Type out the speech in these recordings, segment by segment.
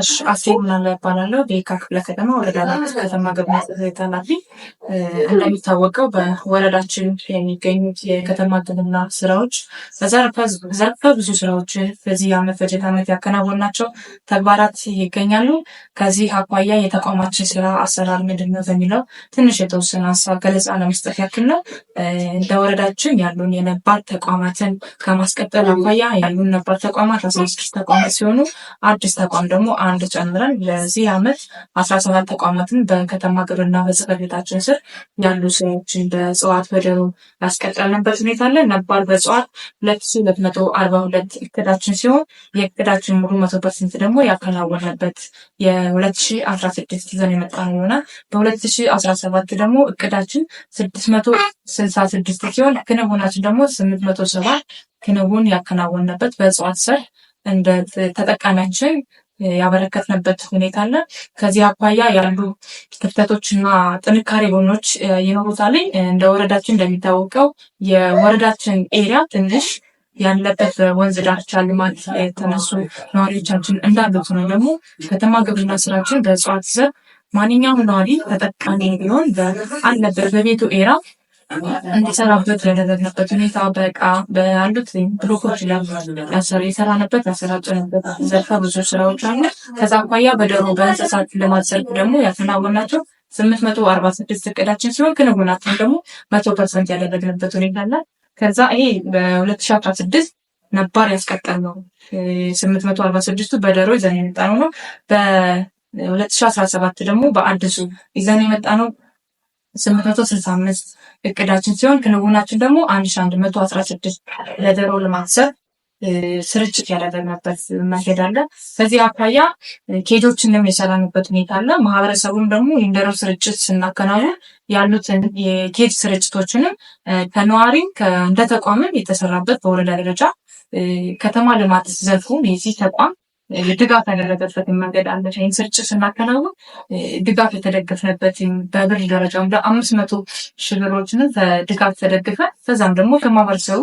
እሺ አስቴር ምናለ እባላለሁ። በየካ ክፍለ ከተማ ወረዳ አራት ከተማ ግብርና ጽሕፈት እንደሚታወቀው በወረዳችን የሚገኙት የከተማ ግብርና ስራዎች ዘርፈ ብዙ ስራዎች በዚህ ዓመት በጀት ዓመት ያከናወናቸው ተግባራት ይገኛሉ። ከዚህ አኳያ የተቋማችን ስራ አሰራር ምንድን ነው በሚለው ትንሽ የተወሰነ ሀሳብ ገለጻ ለመስጠት ያክል ነው። እንደ ወረዳችን ያሉን የነባር ተቋማትን ከማስቀጠል አኳያ ያሉን ነባር ተቋማት አስራ ስድስት ተቋማት ሲሆኑ አዲስ ተቋም ደግሞ አንድ ጨምረን ለዚህ ዓመት አስራ ሰባት ተቋማትን በከተማ ግብርና ጽሕፈት ቤታችን ስር ያሉ ስራዎችን በእጽዋት በደሩ ያስቀጠልንበት ሁኔታ አለ። ነባር በእጽዋት ሁለት ሺ ሁለት መቶ አርባ ሁለት እቅዳችን ሲሆን የእቅዳችን ሙሉ መቶ ፐርሰንት ደግሞ ያከናወነበት የሁለት ሺ አስራ ስድስት ዘን የመጣ ነው ይሆናል። በሁለት ሺ አስራ ሰባት ደግሞ እቅዳችን ስድስት መቶ ስልሳ ስድስት ሲሆን ክንውናችን ደግሞ ስምንት መቶ ሰባት ክንውን ያከናወንበት በእጽዋት ስር እንደ ተጠቃሚያችን ያበረከትንበት ሁኔታ አለ። ከዚህ አኳያ ያሉ ክፍተቶችና ጥንካሬ ጎኖች ይኖሩታል። እንደ ወረዳችን እንደሚታወቀው የወረዳችን ኤሪያ ትንሽ ያለበት ወንዝ ዳርቻ ልማት የተነሱ ነዋሪዎቻችን እንዳሉት ነው። ደግሞ ከተማ ግብርና ስራችን በእጽዋት ዘር ማንኛውም ነዋሪ ተጠቃሚ ቢሆን አለበት በቤቱ ኤራ እንዲሰራበት ያደረግንበት ሁኔታ በቃ በአሉት ብሎኮች የሰራንበት ያሰራጨንበት ዘርፈ ብዙ ስራዎች አሉ። ከዛ አኳያ በደሮ በእንስሳት ልማት ዘርፍ ደግሞ ያከናወናቸው ስምንት መቶ አርባ ስድስት እቅዳችን ሲሆን ክንውናቸውን ደግሞ መቶ ፐርሰንት ያደረግንበት ሁኔታ አለ። ከዛ ይሄ በሁለት ሺ አስራ ስድስት ነባር ያስቀጠል ነው። ስምንት መቶ አርባ ስድስቱ በደሮ ይዘን የመጣ ነው ነው በሁለት ሺ አስራ ሰባት ደግሞ በአዲሱ ይዘን የመጣ ነው ስምንት መቶ ስልሳ እቅዳችን ሲሆን ክንውናችን ደግሞ አንድ ሺ አንድ መቶ አስራ ስድስት ለዶሮ ለማሰብ ስርጭት ያደረግንበት መንገድ አለ። ከዚህ አኳያ ኬጆችንም የሰራንበት ሁኔታ አለ። ማህበረሰቡም ደግሞ የዶሮ ስርጭት ስናከናውን ያሉትን የኬጅ ስርጭቶችንም ከነዋሪም እንደ ተቋምም የተሰራበት በወረዳ ደረጃ ከተማ ልማት ዘርፉም የዚህ ተቋም ድጋፍ ያደረገበትን መንገድ አንደኛ ስርጭ ስናከናውን ድጋፍ የተደገፍንበት በብር ደረጃ አምስት መቶ ሺህ ብሮችን ድጋፍ ተደግፈን ከዛም ደግሞ ከማህበረሰቡ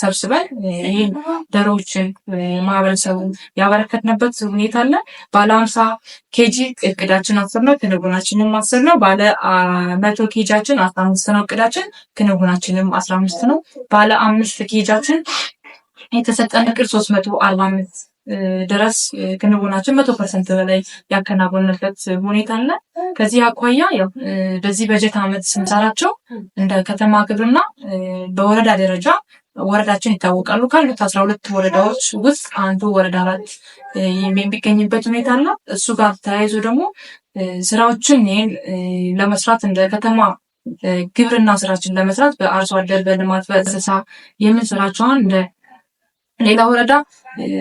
ሰብስበን ይህን ዶሮዎችን ማህበረሰቡ ያበረከትንበት ሁኔታ አለ። ባለ አምሳ ኬጂ እቅዳችን አስር ነው፣ ክንውናችንም አስር ነው። ባለ መቶ ኬጃችን አስራ አምስት ነው እቅዳችን፣ ክንውናችንም አስራ አምስት ነው። ባለ አምስት ኬጃችን የተሰጠን እቅድ ሶስት መቶ አርባ አምስት ድረስ ክንውናችን መቶ ፐርሰንት በላይ ያከናወንበት ሁኔታ አለ። ከዚህ አኳያ ያው በዚህ በጀት ዓመት ስንሰራቸው እንደ ከተማ ግብርና በወረዳ ደረጃ ወረዳችን ይታወቃሉ ካሉት አስራ ሁለት ወረዳዎች ውስጥ አንዱ ወረዳ አራት የሚገኝበት ሁኔታ አለ። እሱ ጋር ተያይዞ ደግሞ ስራዎችን ይህን ለመስራት እንደ ከተማ ግብርና ስራችን ለመስራት በአርሶ አደር በልማት በእንስሳ የምንሰራቸውን እንደ ሌላ ወረዳ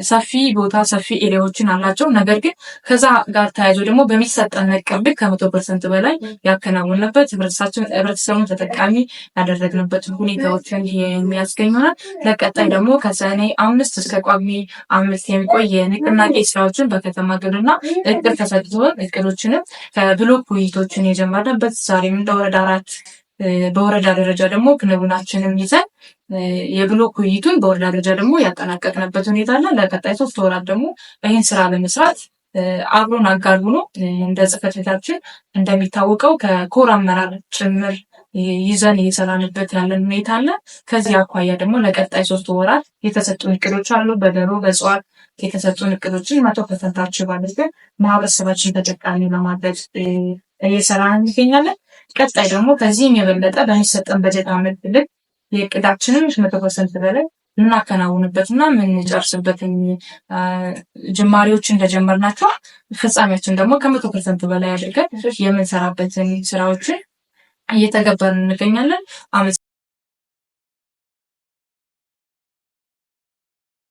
ሰፊ ቦታ ሰፊ ኤሪያዎችን አላቸው። ነገር ግን ከዛ ጋር ተያይዞ ደግሞ በሚሰጠን ነቀብ ከመቶ ፐርሰንት በላይ ያከናወንበት ህብረተሰቡን ተጠቃሚ ያደረግንበት ሁኔታዎችን የሚያስገኝ ይሆናል። ለቀጣይ ደግሞ ከሰኔ አምስት እስከ ቋሚ አምስት የሚቆይ የንቅናቄ ስራዎችን በከተማ ግብርና እቅድ ተሰጥቶን እቅዶችንም ከብሎክ ውይይቶችን የጀመርንበት ዛሬም እንደ ወረዳ አራት በወረዳ ደረጃ ደግሞ ክንውናችንን ይዘን የብሎክ ውይይቱን በወረዳ ደረጃ ደግሞ ያጠናቀቅንበት ሁኔታ አለ። ለቀጣይ ሶስት ወራት ደግሞ ይህን ስራ ለመስራት አብሮን አጋር ሆኖ እንደ ጽህፈት ቤታችን እንደሚታወቀው ከኮር አመራር ጭምር ይዘን እየሰራንበት ያለን ሁኔታ አለ። ከዚህ አኳያ ደግሞ ለቀጣይ ሶስት ወራት የተሰጡን እቅዶች አሉ። በደሮ በእጽዋት የተሰጡን እቅዶችን መቶ ፐርሰንታቸው ባለብን ማህበረሰባችን ተጠቃሚ ለማድረግ እየሰራን እንገኛለን። ቀጣይ ደግሞ ከዚህም የበለጠ በሚሰጠን በጀት አመት ልክ የእቅዳችንን መቶ ፐርሰንት በላይ የምናከናውንበትና የምንጨርስበትን ጅማሬዎች ናቸው። ፍጻሜያችን ደግሞ ከመቶ ፐርሰንት በላይ አድርገን የምንሰራበትን ስራዎችን እየተገበርን እንገኛለን።